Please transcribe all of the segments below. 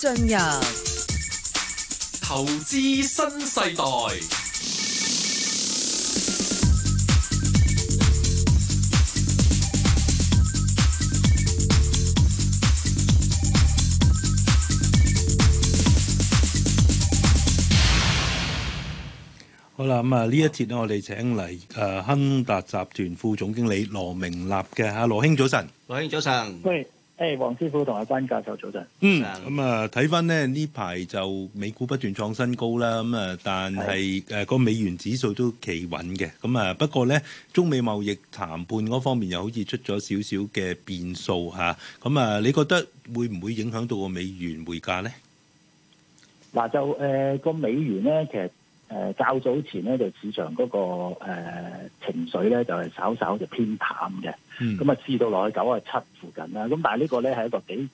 進入投資新世代。好啦，咁啊，呢一節咧，我哋請嚟誒，亨達集團副總經理羅明立嘅吓，羅兄早晨，羅兄早晨，喂。誒，hey, 黃師傅同阿關教授早晨、嗯。嗯，咁啊，睇翻咧呢排就美股不斷創新高啦，咁啊，但係誒個美元指數都企穩嘅，咁啊，不過咧中美貿易談判嗰方面又好似出咗少少嘅變數嚇，咁啊，你覺得會唔會影響到個美元匯價咧？嗱、呃，就誒個、呃、美元咧，其實。誒較早前咧，那個呃，就市場嗰個情緒咧，就係稍稍就偏淡嘅。咁啊，嗯，至到落去九啊七附近啦。咁但係呢個咧係一個幾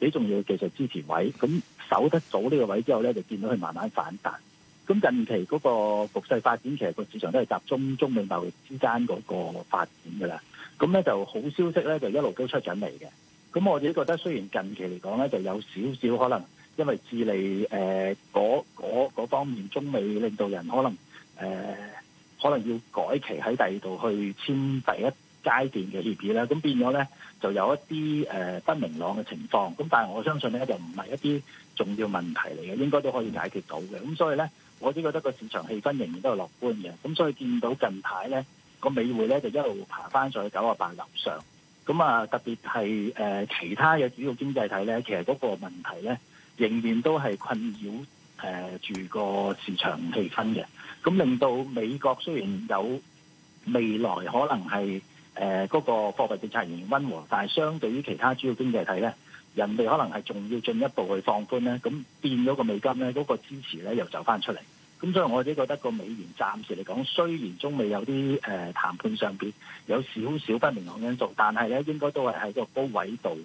幾重要嘅技術支持位。咁守得早呢個位之後咧，就見到佢慢慢反彈。咁近期嗰個局勢發展，其實個市場都係集中中美貿易之間嗰個發展㗎啦。咁咧就好消息咧，就一路都出緊嚟嘅。咁我自己覺得雖然近期嚟講咧，就有少少可能。因為智利誒嗰、呃、方面，中美領導人可能誒、呃、可能要改期喺第二度去簽第一階段嘅協議咧，咁變咗呢，就有一啲誒、呃、不明朗嘅情況。咁但係我相信呢，就唔係一啲重要問題嚟嘅，應該都可以解決到嘅。咁所以呢，我只覺得個市場氣氛仍然都係樂觀嘅。咁所以見到近排呢個美匯呢，就一路爬返上去九啊八樓上。咁啊，特別係誒、呃、其他嘅主要經濟體呢，其實嗰個問題咧。仍然都係困擾住個市場氣氛嘅，咁令到美國雖然有未來可能係誒嗰個貨幣政策仍然溫和，但係相對於其他主要經濟體呢，咧，人哋可能係仲要進一步去放寬咧，咁變咗個美金咧嗰、嗰個支持咧又走翻出嚟，咁所以我只覺得個美元暫時嚟講，雖然中美有啲誒談判上面有少少不明朗因素，但係咧應該都係喺個高位度。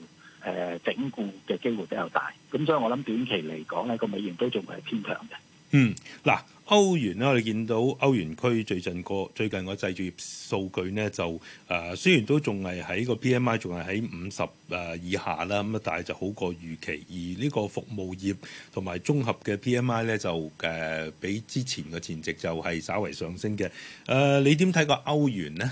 誒整固嘅機會比較大，咁所以我諗短期嚟講咧，個美元都仲係偏強嘅。嗯，嗱，歐元咧，我哋見到歐元區最近個最近個製造業數據呢，就誒、呃、雖然都仲係喺個 PMI 仲係喺五十誒以下啦，咁啊但係就好過預期，而呢個服務業同埋綜合嘅 PMI 咧就誒、呃、比之前嘅前值就係稍為上升嘅。誒、呃，你點睇個歐元呢？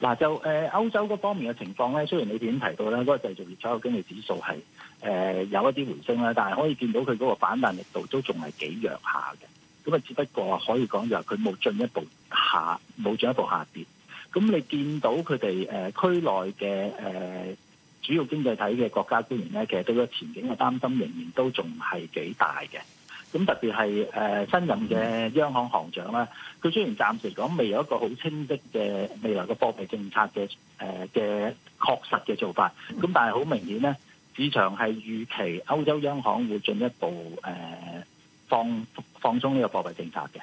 嗱就誒、呃、歐洲嗰方面嘅情況咧，雖然你點提到咧，嗰、那個製造業採購經理指數係誒、呃、有一啲回升啦，但係可以見到佢嗰個反彈力度都仲係幾弱下嘅。咁啊，只不過可以講就係佢冇進一步下冇進一步下跌。咁你見到佢哋誒區內嘅誒、呃、主要經濟體嘅國家官員咧，其實對個前景嘅擔心仍然都仲係幾大嘅。咁特別係誒新任嘅央行行長啦，佢雖然暫時講未有一個好清晰嘅未來嘅貨幣政策嘅誒嘅確實嘅做法，咁但係好明顯咧，市場係預期歐洲央行會進一步誒放放鬆呢個貨幣政策嘅。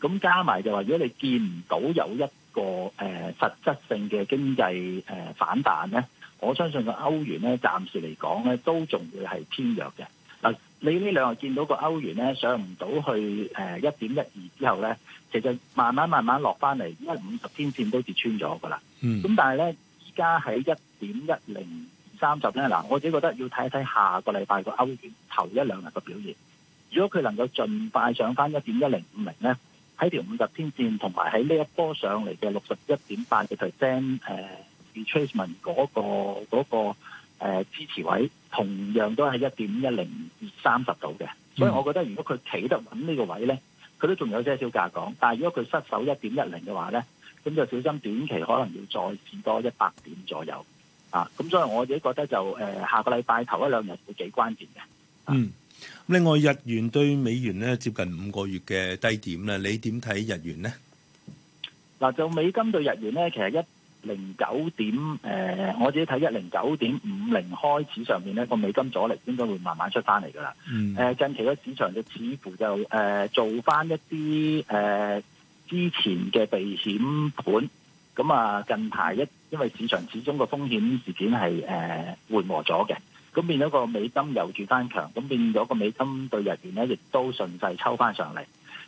咁加埋就話，如果你見唔到有一個誒實質性嘅經濟誒反彈咧，我相信個歐元咧，暫時嚟講咧都仲會係偏弱嘅。嗱，你呢兩日見到個歐元咧上唔到去誒一點一二之後咧，其實慢慢慢慢落翻嚟，因為五十天線都跌穿咗噶啦。嗯。咁但係咧，依家喺一點一零三十咧，嗱，我自己覺得要睇一睇下個禮拜個歐元頭一兩日嘅表現。如果佢能夠儘快上翻一點一零五零咧，喺條五十天線同埋喺呢一波上嚟嘅六十一點八嘅 percent 頭先誒 retracement 嗰、嗰、嗰個。嗰個誒支持位同樣都係一點一零三十度嘅，所以我覺得如果佢企得穩呢個位咧，佢都仲有少少價講。但係如果佢失守一點一零嘅話咧，咁就小心短期可能要再試多一百點左右啊！咁所以我自己覺得就誒下個禮拜頭一兩日會幾關鍵嘅。嗯，另外日元對美元咧接近五個月嘅低點啦，你點睇日元咧？嗱，就美金對日元咧，其實一零九點誒、呃，我自己睇一零九點五零開始上面咧，個美金阻力應該會慢慢出翻嚟㗎啦。誒、嗯、近期個市場就似乎就誒、呃、做翻一啲誒、呃、之前嘅避險盤，咁啊近排一因為市場始終個風險事件係誒、呃、緩和咗嘅，咁變咗個美金有住翻強，咁變咗個美金對日元咧，亦都順勢抽翻上嚟。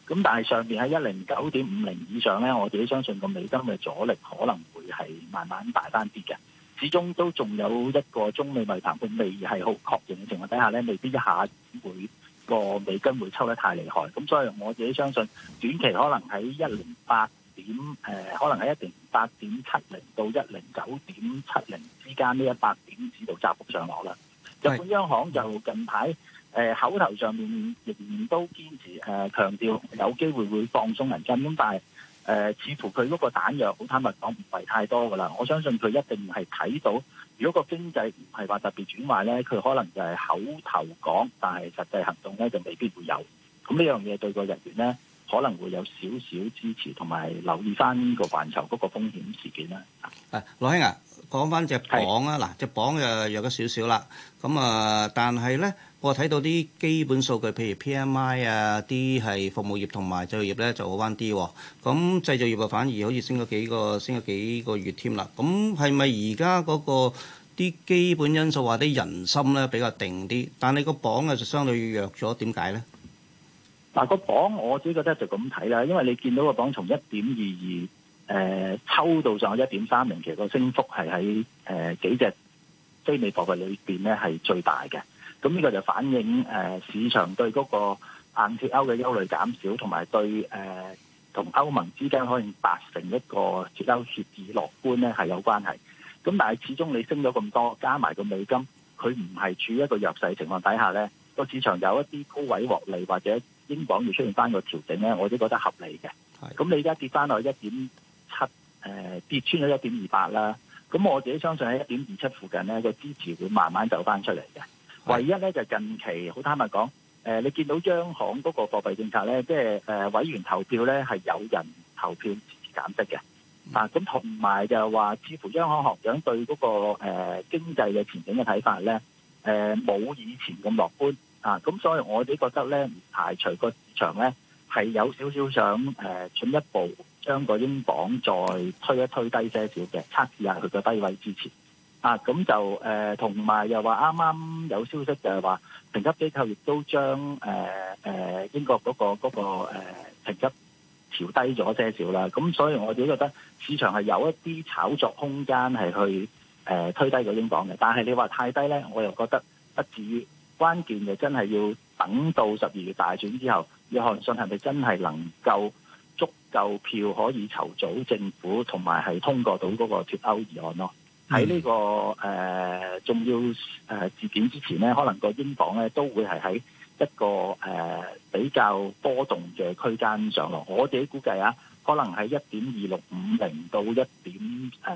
咁但係上面喺一零九點五零以上咧，我自己相信個美金嘅阻力可能。係慢慢大翻啲嘅，始終都仲有一個中美貿談判未係好確定嘅情況底下咧，未必一下子會個美金會抽得太厲害，咁所以我自己相信短期可能喺一零八點誒、呃，可能喺一零八點七零到一零九點七零之間呢一百點之度窄幅上落啦。是日本央行就近排誒、呃、口頭上面仍然都堅持誒、呃、強調有機會會放鬆銀根，咁但係。誒、呃，似乎佢嗰個彈藥，好坦白講，唔係太多㗎啦。我相信佢一定係睇到，如果個經濟唔係話特別轉壞咧，佢可能就係口頭講，但係實際行動咧就未必會有。咁呢樣嘢對個人員咧，可能會有少少支持，同埋留意返個環球嗰個風險事件啦。誒、啊，羅兄啊，講返隻鎊啊，嗱是，隻鎊就弱咗少少啦。咁啊、呃，但係咧。我睇到啲基本數據，譬如 PMI 啊，啲係服務業同埋製造業咧就好彎啲，咁製造業啊反而好似升咗幾個升咗幾個月添啦。咁係咪而家嗰個啲基本因素或者人心咧比較定啲？但你個鎊啊就相對弱咗，點解咧？嗱，個鎊我自己覺得就咁睇啦，因為你見到個鎊從一點二二誒抽到上一點三零，其實個升幅係喺誒幾隻非美貨幣裏邊咧係最大嘅。咁呢個就反映誒、呃、市場對嗰個硬脫歐嘅憂慮減少，同埋對誒同、呃、歐盟之間可以達成一個脫歐協議樂觀呢係有關係。咁但係始終你升咗咁多，加埋個美金，佢唔係處於一個弱勢情況底下呢，個市場有一啲高位獲利或者英鎊要出現翻個調整呢，我都覺得合理嘅。咁的你而家跌翻落去一點七誒，跌穿咗一點二八啦。咁我自己相信喺一點二七附近呢，個支持會慢慢走翻出嚟嘅。唯一咧就近期好坦白講，誒、呃、你見到央行嗰個貨幣政策咧，即係誒、呃、委員投票咧係有人投票支持減息嘅，啊咁同埋就係話，似乎央行行長對嗰、那個、呃、經濟嘅前景嘅睇法咧，誒、呃、冇以前咁樂觀。啊咁所以我哋覺得咧，唔排除個市場咧係有少少想誒、呃、進一步將個英鎊再推一推低一些少嘅，測試下佢個低位支持。啊，咁就誒同埋又話啱啱有消息就係話，評級機構亦都將誒誒、呃呃、英國嗰、那個嗰、那個誒、呃、評級調低咗些少啦。咁所以我只覺得市場係有一啲炒作空間係去誒、呃、推低咗英鎊嘅，但係你話太低咧，我又覺得不至於。關鍵就真係要等到十二月大選之後，約翰遜係咪真係能夠足夠票可以籌組政府，同埋係通過到嗰個脱歐議案咯。喺呢個誒重要誒事件之前咧，可能個英鎊咧都會係喺一個誒比較波動嘅區間上落。我自己估計啊，可能係一點二六五零到一點誒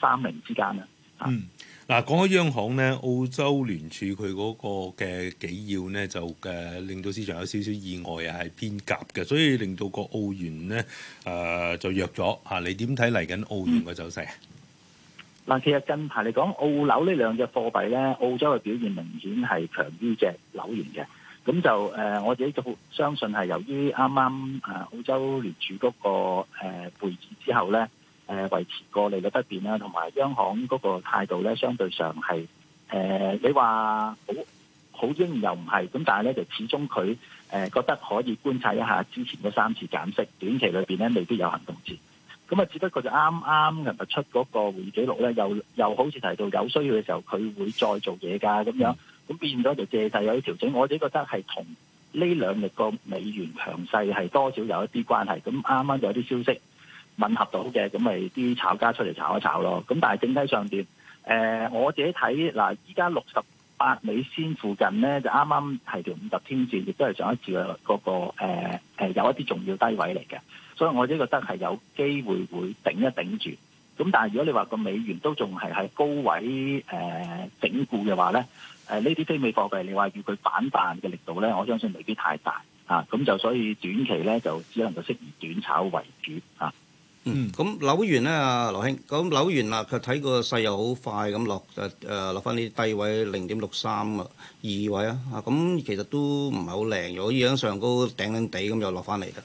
三零之間啦。嗯，嗱，講開央行咧，澳洲聯儲佢嗰個嘅紀要咧，就誒令到市場有少少意外，係偏鴿嘅，所以令到個澳元咧誒就弱咗嚇。你點睇嚟緊澳元嘅走勢？但其實近排嚟講，澳紐呢兩隻貨幣咧，澳洲嘅表現明顯係強於隻紐元嘅。咁就誒、呃，我自己就相信係由於啱啱誒澳洲聯儲嗰、那個誒背置之後咧，誒、呃、維持個利率不變啦，同埋央行嗰個態度咧，相對上係誒、呃、你話好好鷹又唔係咁，但係咧就始終佢誒、呃、覺得可以觀察一下之前嗰三次減息，短期裏邊咧未必有行動啫。咁啊，只不過就啱啱今日出嗰個會議記錄咧，又又好似提到有需要嘅時候，佢會再做嘢噶咁樣，咁變咗就借勢有啲調整。我自己覺得係同呢兩日個美元強勢係多少有一啲關係。咁啱啱有啲消息吻合到嘅，咁咪啲炒家出嚟炒一炒咯。咁但係整體上邊，誒我自己睇嗱，依家六十阿美仙附近咧，就啱啱係條五十天線，亦都係上一次嘅嗰、那個誒、呃、有一啲重要低位嚟嘅，所以我都覺得係有機會會頂一頂住。咁但係如果你話個美元都仲係喺高位誒、呃、整固嘅話咧，誒呢啲非美貨幣你話要佢反彈嘅力度咧，我相信未必太大啊。咁就所以短期咧就只能夠適宜短炒為主啊。嗯，咁紐元咧，阿劉兄，咁紐元啊，佢睇個勢又好快咁落，誒誒落翻啲低位零點六三啊，二位啊，咁其實都唔係好靚，如果依樣上高頂頂地咁又落翻嚟啦。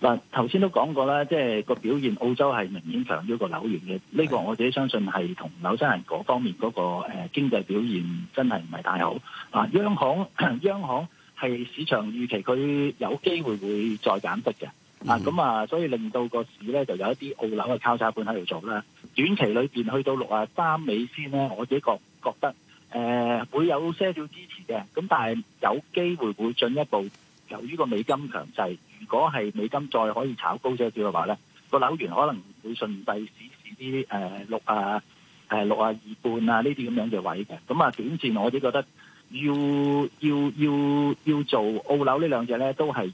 嗱，頭先都講過啦，即係個表現澳洲係明顯強咗個紐元嘅，呢個我自己相信係同紐西蘭嗰方面嗰個誒經濟表現真係唔係太好。啊，央行央行係市場預期佢有機會會再減息嘅。啊，咁啊，所以令到個市咧就有一啲澳樓嘅抄底盤喺度做啦。短期裏邊去到六啊三美先咧，我自己覺覺得，誒會有些少支持嘅。咁但係有機會會進一步，由於個美金強勢，如果係美金再可以炒高少少嘅話咧，個樓源可能會順勢試試啲誒六啊誒六啊二半啊呢啲咁樣嘅位嘅。咁啊，短線我自己覺得要要要要做澳樓呢兩隻咧都係。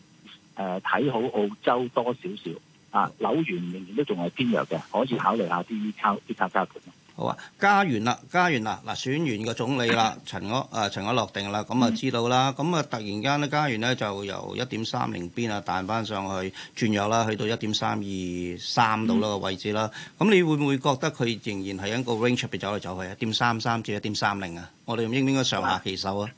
誒睇好澳洲多少少啊，紐元仍然都仲係偏弱嘅，可以考慮下啲炒啲拆家盤咯。好啊，加元啦，加元啦，嗱選完個總理啦，陳柯啊，陳柯落定啦，咁啊知道啦，咁啊突然間咧，加元咧就由一點三零邊啊彈翻上去轉弱啦，去到一點三二三到咯個位置啦。咁你會唔會覺得佢仍然係一個 range 出邊走嚟走去啊？一點三三至一點三零啊，我哋應唔應該上下其手啊？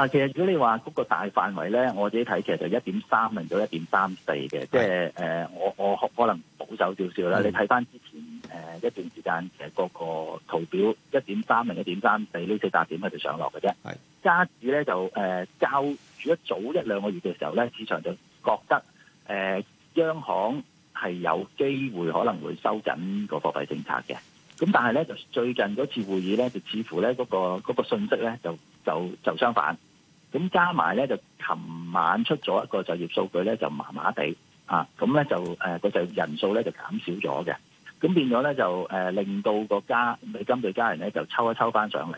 嗱，其實如果你話嗰個大範圍咧，我自己睇其實就的、呃、一點三零到一點三四嘅，即係誒，我我可能保守少少啦。你睇返之前誒、呃、一段時間，其實嗰個圖表一點三零、一點三四呢四扎點，佢就上落嘅啫。係的，加注咧就誒交，住、呃、一早一兩個月嘅時候咧，市場就覺得誒、呃、央行係有機會可能會收緊個貨幣政策嘅。咁但係咧，就最近嗰次會議咧，就似乎咧嗰、嗰個嗰個信息咧，就就就相反。咁加埋咧，就琴晚出咗一個就業數據咧，就麻麻地啊！咁咧就誒個就業人數咧就減少咗嘅，咁變咗咧就誒令到個加美金對加元咧就抽一抽翻上嚟。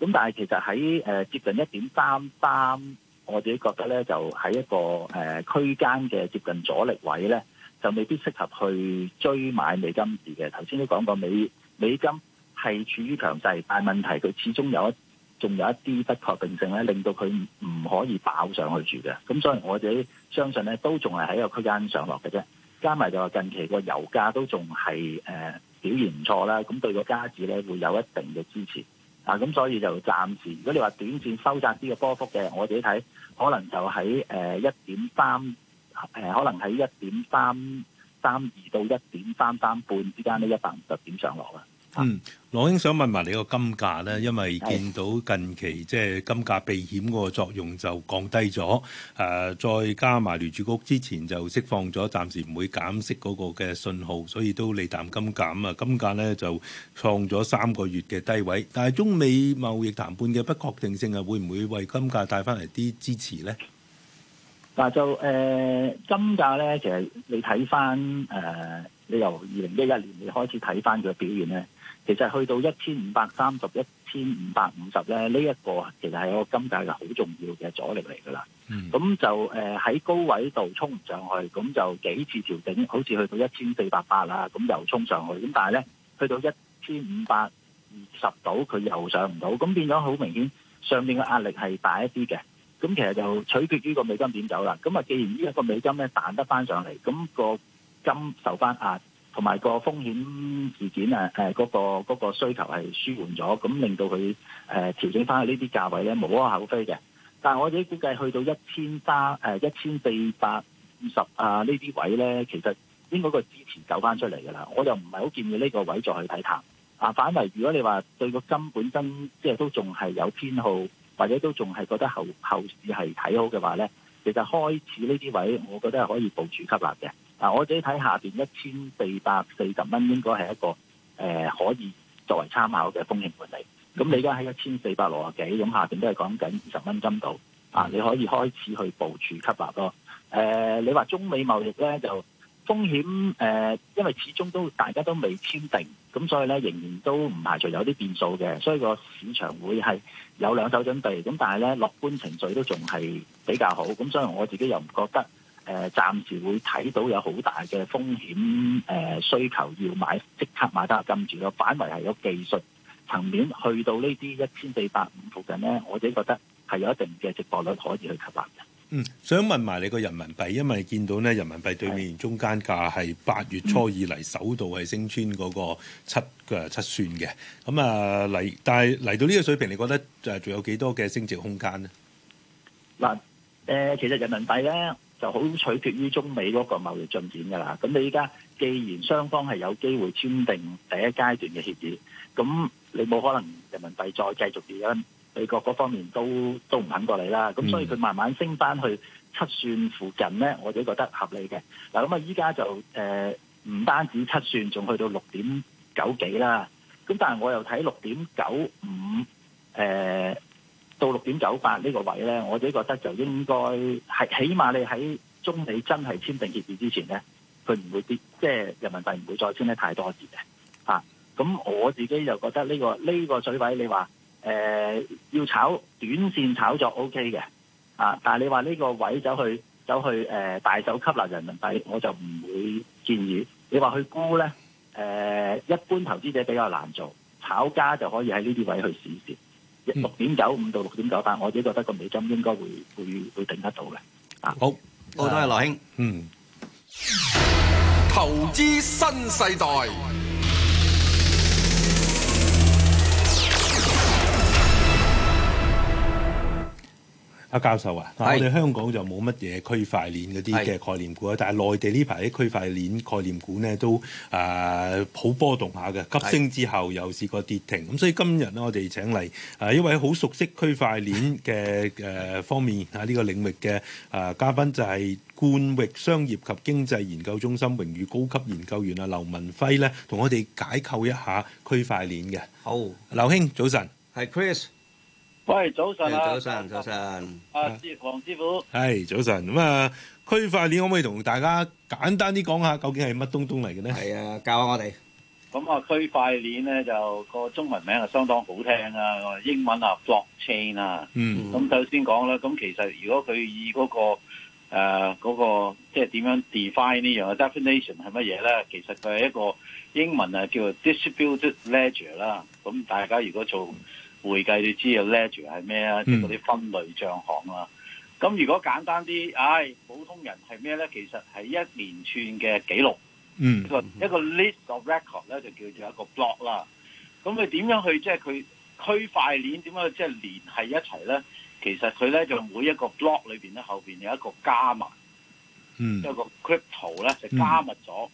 咁但係其實喺誒接近一點三三，我自己覺得咧就喺一個誒區間嘅接近阻力位咧，就未必適合去追買美金字嘅。頭先都講過美美金係處於強勢，但係問題佢始終有一。仲有一啲不確定性咧，令到佢唔可以爆上去住嘅。咁所以我自己相信咧，都仲係喺個區間上落嘅啫。加埋就係近期個油價都仲係誒表現唔錯啦。咁對個加紙咧會有一定嘅支持啊。咁所以就暫時，如果你話短線收窄啲嘅波幅嘅，我自己睇可能就喺誒一點三誒，呃、3，可能喺一點三三二到一點三三半之間呢一百五十點上落啦。嗯，羅兄想問埋你個金價咧，因為見到近期即係金價避險個作用就降低咗。誒、呃、再加埋聯儲局之前就釋放咗，暫時唔會減息嗰個嘅信號，所以都你淡金減啊。金價咧就創咗三個月嘅低位，但係中美貿易談判嘅不確定性啊，會唔會為金價帶翻嚟啲支持咧？嗱，就、呃、誒金價咧，其實你睇翻誒，你由二零一一年你開始睇翻佢嘅表現咧。其實去到一千五百三十一千五百五十咧，1, 呢一、這個其實係一個金價嘅好重要嘅阻力嚟噶啦。咁、嗯、就誒喺、呃、高位度衝唔上去，咁就幾次調整，好似去到一千四百八啦，咁又衝上去，咁但係咧去到一千五百二十度，佢又上唔到，咁變咗好明顯，上面嘅壓力係大一啲嘅。咁其實就取決呢個美金點走啦。咁啊，既然呢一個美金咧彈得翻上嚟，咁、那個金受翻壓。同埋個風險事件啊，嗰個嗰個需求係舒緩咗，咁令到佢、呃、調整翻去呢啲價位咧，無可厚非嘅。但係我哋估計去到一千三誒、呃、一千四百五十啊呢啲位咧，其實應該個支持走翻出嚟㗎啦。我又唔係好建議呢個位再去睇淡啊。反為如果你話對個金本身即係都仲係有偏好，或者都仲係覺得後後市係睇好嘅話咧。其實開始呢啲位，我覺得係可以部署吸納嘅。嗱、啊，我自己睇下邊一千四百四十蚊應該係一個誒、呃、可以作為參考嘅風險管理。咁你而家喺一千四百六十幾咁下邊都係講緊二十蚊咁度啊，你可以開始去部署吸納咯。誒、啊，你話中美貿易咧就風險誒、呃，因為始終都大家都未簽訂。咁所以咧，仍然都唔排除有啲變數嘅，所以個市場會係有兩手準備。咁但係咧，樂觀情緒都仲係比較好。咁所以我自己又唔覺得，誒、呃、暫時會睇到有好大嘅風險誒、呃、需求要買，即刻買得。跟住個反圍，係個技術層面去到 1, 400, 呢啲一千四百五附近咧，我自己覺得係有一定嘅值博率可以去吸納嘅。嗯，想問埋你個人民幣，因為見到咧人民幣對面中間價係八月初以嚟首度係升穿嗰個七嘅、嗯、七算嘅，咁啊嚟，但係嚟到呢個水平，你覺得誒仲有幾多嘅升值空間呢？嗱，誒其實人民幣咧就好取決於中美嗰個貿易進展噶啦。咁你依家既然雙方係有機會簽訂第一階段嘅協議，咁你冇可能人民幣再繼續跌啦。美國嗰方面都都唔肯過嚟啦，咁所以佢慢慢升翻去七算附近咧，我自己覺得合理嘅。嗱咁啊，依家就誒唔單止七算，仲去到六點九幾啦。咁但係我又睇六點九五誒到六點九八呢個位咧，我自己覺得就應該係起碼你喺中美真係簽訂協議之前咧，佢唔會跌，即係人民幣唔會再簽得太多字嘅。吓，咁我自己又覺得呢個呢個水位，你話？誒、呃，要炒短線炒作 OK 嘅，啊！但係你話呢個位置走去走去誒、呃，大手吸納人民幣，我就唔會建議。你話去沽呢，誒、呃，一般投資者比較難做，炒家就可以喺呢啲位置去試一試。六點九五到六點九八，但係我自己覺得個美金應該會會會頂得到嘅。啊，好，好多謝羅兄。嗯，投資新世代。阿教授啊，是我哋香港就冇乜嘢區塊鏈嗰啲嘅概念股啊，是但係內地呢排啲區塊鏈概念股呢，都誒好、呃、波動下嘅，急升之後又試過跌停，咁是所以今日呢，我哋請嚟誒一位好熟悉區塊鏈嘅誒、呃、方面喺呢、呢個領域嘅誒、呃、嘉賓，就係冠域商業及經濟研究中心榮譽高級研究員啊劉民輝呢，同我哋解構一下區塊鏈嘅。好，劉兄早晨。係 Chris。喂，早晨、啊、早晨，早晨。阿黃、啊、師傅，係早晨。咁啊，區塊鏈可唔可以同大家簡單啲講下，究竟係乜東東嚟嘅咧？係啊，教下我哋。咁啊，區塊鏈咧就、個中文名啊相當好聽啊，英文啊 block chain 啊。嗯。咁首先講啦，咁其實如果佢以嗰、個誒嗰、呃個即係點樣 define 呢樣啊 definition 係乜嘢咧？其實佢係一個英文啊叫做 distributed ledger 啦。咁大家如果做、嗯會計你知啊，ledger 係咩啊？即係嗰啲分類帳項啦。咁、嗯、如果簡單啲，唉、哎，普通人係咩咧？其實係一連串嘅記錄。嗯。一個一個 list of record 咧，就叫做一個 block 啦。咁佢點樣去即係佢區塊鏈點樣即係連係一齊咧？其實佢咧就每一個 block 裏邊咧，後邊有一個加密。嗯。一個 crypto 咧就加密咗。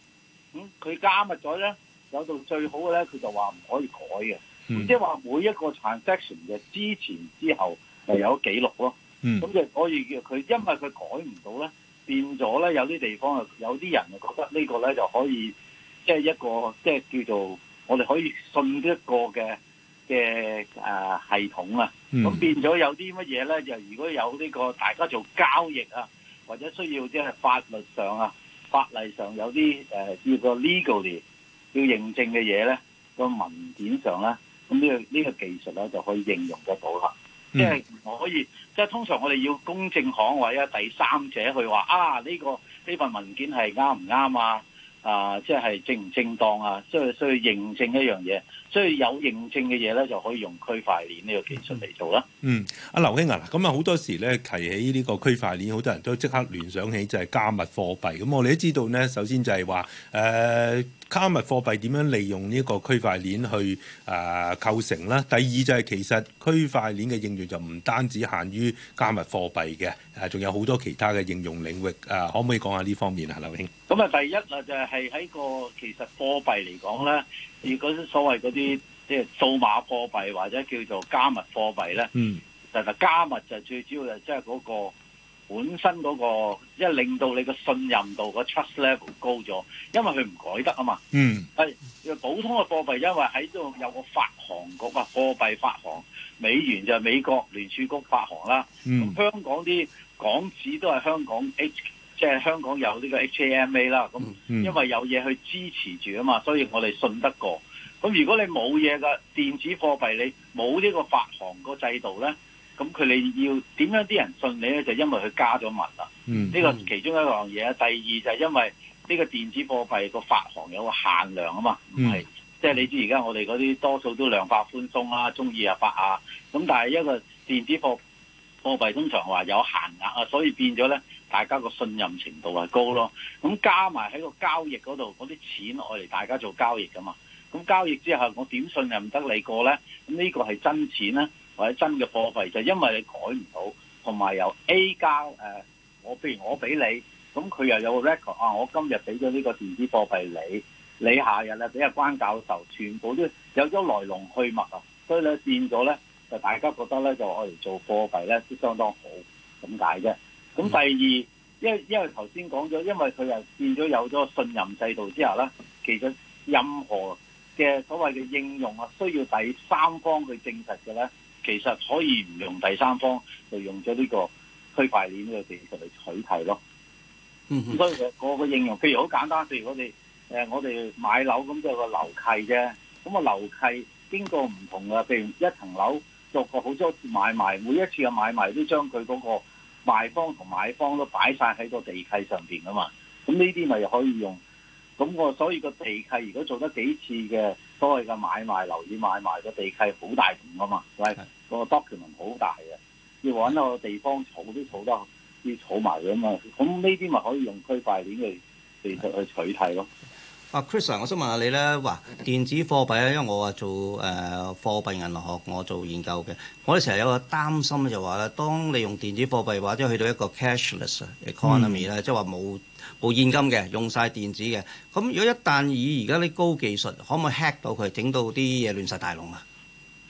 嗯。佢、嗯、加密咗咧，有到最好嘅咧，佢就話唔可以改嘅。嗯、即係話每一個 transaction 嘅之前之後就有記錄咯，咁、嗯、就可以叫佢因為佢改唔到咧，變咗咧有啲地方啊，有啲人覺得呢個咧就可以即係、就是、一個即係、就是、叫做我哋可以信一個嘅嘅啊系統啊，咁、嗯、變咗有啲乜嘢咧？就如果有呢個大家做交易啊，或者需要即係法律上啊、法例上有啲誒、呃、叫做 legally 要認證嘅嘢咧，個文件上咧。咁呢、這個呢、這個技術咧就可以應用得到啦，即係、嗯、可以即係、就是、通常我哋要公證行或者，第三者去話啊呢、這個呢份文件係啱唔啱啊？啊，即、就、係、是、正唔正當啊？所以需要認證一樣嘢。所以有認證嘅嘢咧，就可以用區塊鏈呢個技術嚟做啦、嗯。嗯，阿劉興啊，咁啊好多時咧提起呢個區塊鏈，好多人都即刻聯想起就係加密貨幣。咁我哋都知道咧，首先就係話誒加密貨幣點樣利用呢個區塊鏈去啊、呃、構成啦。第二就係其實區塊鏈嘅應用就唔單止限於加密貨幣嘅，誒仲有好多其他嘅應用領域。誒、呃、可唔可以講下呢方面啊，劉興？咁啊，第一啊就係、是、喺個其實貨幣嚟講咧。而啲所謂嗰啲即係數碼貨幣或者叫做加密貨幣咧，其實、嗯、加密就最主要就即係嗰個本身嗰、嗰個，即、就、係、係、令到你個信任度、個 trust level 高咗，因為佢唔改得啊嘛。嗯，係普通嘅貨幣，因為喺度有個發行局啊，貨幣發行美元就係美國聯儲局發行啦，咁、嗯、香港啲港紙都係香港 h 即係香港有呢個 HMA 啦，咁因為有嘢去支持住啊嘛，所以我哋信得過。咁如果你冇嘢嘅電子貨幣你，你冇呢個發行個制度咧，咁佢哋要點樣啲人信你咧？就因為佢加咗密啦。呢、嗯、個其中一個嘢。第二就係因為呢個電子貨幣個發行有個限量啊嘛，係即係你知而家我哋嗰啲多數都量化寬鬆啊、鍾意啊發啊，咁但係一個電子貨貨幣通常話有限額啊，所以變咗咧。大家個信任程度係高咯，咁加埋喺個交易嗰度，嗰啲錢我嚟大家做交易噶嘛。咁交易之後，我點信任得你過咧？咁呢個係真錢咧，或者真嘅貨幣就是、因為你改唔到，同埋由 A 交誒、呃，我譬如我俾你，咁佢又有個 record 啊！我今日俾咗呢個電子貨幣你，你下日啊俾阿關教授，全部都有咗來龍去脈啊，所以咧變咗咧，就大家覺得咧就我嚟做貨幣咧都相當好，咁解啫？咁、嗯、第二，因因為頭先講咗，因為佢又變咗有咗信任制度之下咧，其實任何嘅所謂嘅應用啊，需要第三方去證實嘅咧，其實可以唔用第三方，就用咗呢個區塊鏈嘅技術嚟取締咯，嗯。嗯，所以個個應用，譬如好簡單，譬如我哋誒，我哋買樓咁都有個樓契啫。咁啊樓契經過唔同嘅，譬如一層樓做過好多次買賣，每一次嘅買賣都將佢嗰、嗰個，賣方同買方都擺晒喺個地契上邊噶嘛，咁呢啲咪可以用，咁我所以個地契如果做得幾次嘅，所謂嘅買賣，樓宇買賣個地契好大份噶嘛，係的個 document 好大嘅，要搵個地方儲都儲得要儲埋噶嘛，咁呢啲咪可以用區塊鏈嘅技術去取代咯。啊，Chris Sir，我想問下你咧，話電子貨幣咧，因為我啊做誒、呃、貨幣銀行學，我做研究嘅，我咧成日有個擔心就話咧，當你用電子貨幣或者去到一個 cashless economy 咧、嗯，即係話冇冇現金嘅，用晒電子嘅，咁如果一旦以而家啲高技術，可唔可以 hack 到佢，整到啲嘢亂晒大龍啊？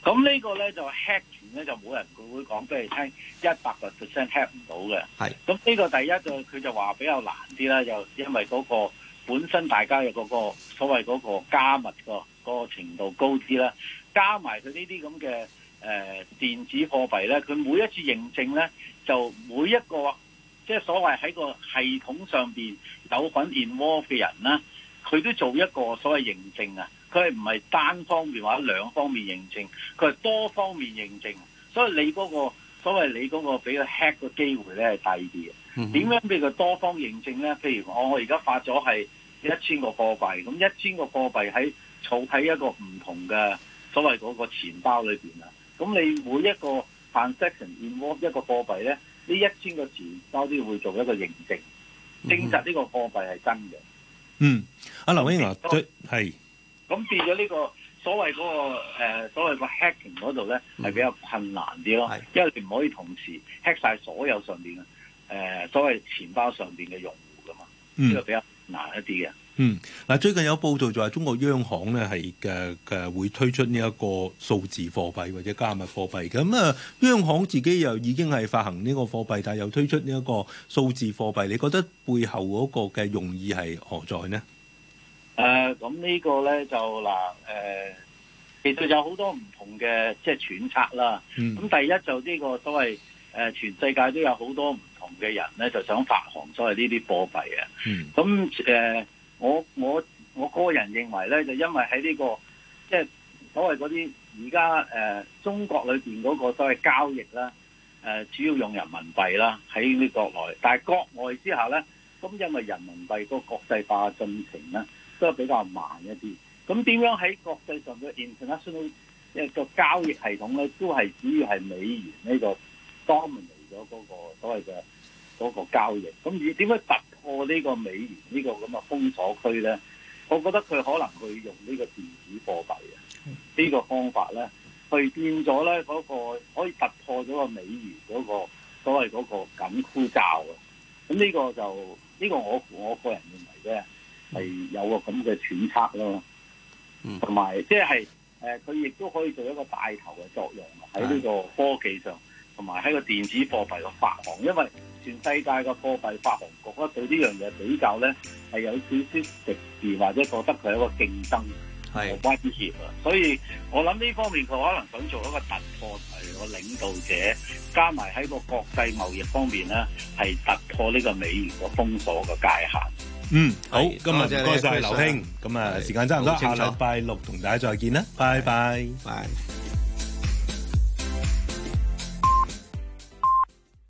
咁呢個咧就 hack 完咧就冇人會講俾你聽，一百個 percent hack 唔到嘅。係。咁呢個第一個佢就話比較難啲啦，就因為嗰個。本身大家嘅嗰個所謂嗰個加密個嗰個程度高啲啦，加埋佢呢啲咁嘅誒電子貨幣咧，佢每一次認證咧，就每一個即係所謂喺個系統上邊有份電鍋嘅人啦，佢都做一個所謂認證啊，佢係唔係單方面或者兩方面認證，佢係多方面認證，所以你嗰、嗰個所謂你嗰個俾個 hack 嘅機會咧係低啲嘅。點樣俾佢多方認證咧？譬如我我而家發咗係一千個貨幣，咁一千個貨幣喺儲喺一個唔同嘅所謂嗰個錢包裏邊啊。咁你每一個 transaction in one 一個貨幣咧，呢一千個錢包都要會做一個認證，證實呢個貨幣係真嘅。嗯，阿、啊、劉英啊，係。咁變咗呢個所謂嗰、那個誒、呃，所謂個 hacking 嗰度咧，係比較困難啲咯，的因為你唔可以同時 hack 晒所有上面啊。誒、呃、所謂錢包上邊嘅用戶噶嘛，呢個、嗯、比較難一啲嘅。嗯，嗱最近有報道就話中國央行咧係嘅嘅會推出呢一個數字貨幣或者加密貨幣。咁、嗯、啊，央行自己又已經係發行呢個貨幣，但係又推出呢一個數字貨幣。你覺得背後嗰個嘅用意係何在呢？誒、呃，咁呢個咧就嗱誒、呃，其實有好多唔同嘅即係揣測啦。咁、嗯、第一就呢、呢個所謂誒全世界都有好多嘅人咧，就想發行所謂呢啲貨幣啊。咁、呃、我我我個人認為咧，就因為喺呢、呢個即、係、所謂嗰啲而家中國裏面嗰個所謂交易啦、呃，主要用人民幣啦，喺呢國內。但係國外之下咧，咁因為人民幣個國際化進程咧，都比較慢一啲。咁點樣喺國際上嘅 international 一個交易系統咧，都係主要係美元呢個 dominate 咗嗰個所謂嘅。嗰個交易，咁你點解突破呢個美元呢個咁嘅封鎖區咧？我覺得佢可能去用呢個電子貨幣啊，呢個方法咧，去變咗咧嗰個可以突破咗個美元嗰個所謂嗰個緊箍咒啊！咁呢個就呢、呢個我我個人認為咧係有個咁嘅揣測咯，嗯、就是，同埋即係誒佢亦都可以做一個帶頭嘅作用喺呢個科技上，同埋喺個電子貨幣嘅發行，因為全世界嘅貨幣發行局咧對呢樣嘢比較咧係有少少直視，或者覺得佢有一個競爭同埋威脅啊，是所以我諗呢方面佢可能想做一個突破，係個領導者，加埋喺個國際貿易方面咧係突破呢個美元個封鎖個界限。嗯，好，今日唔該晒劉兄，咁啊時間差唔多，下禮拜六同大家再見啦，的拜拜，拜。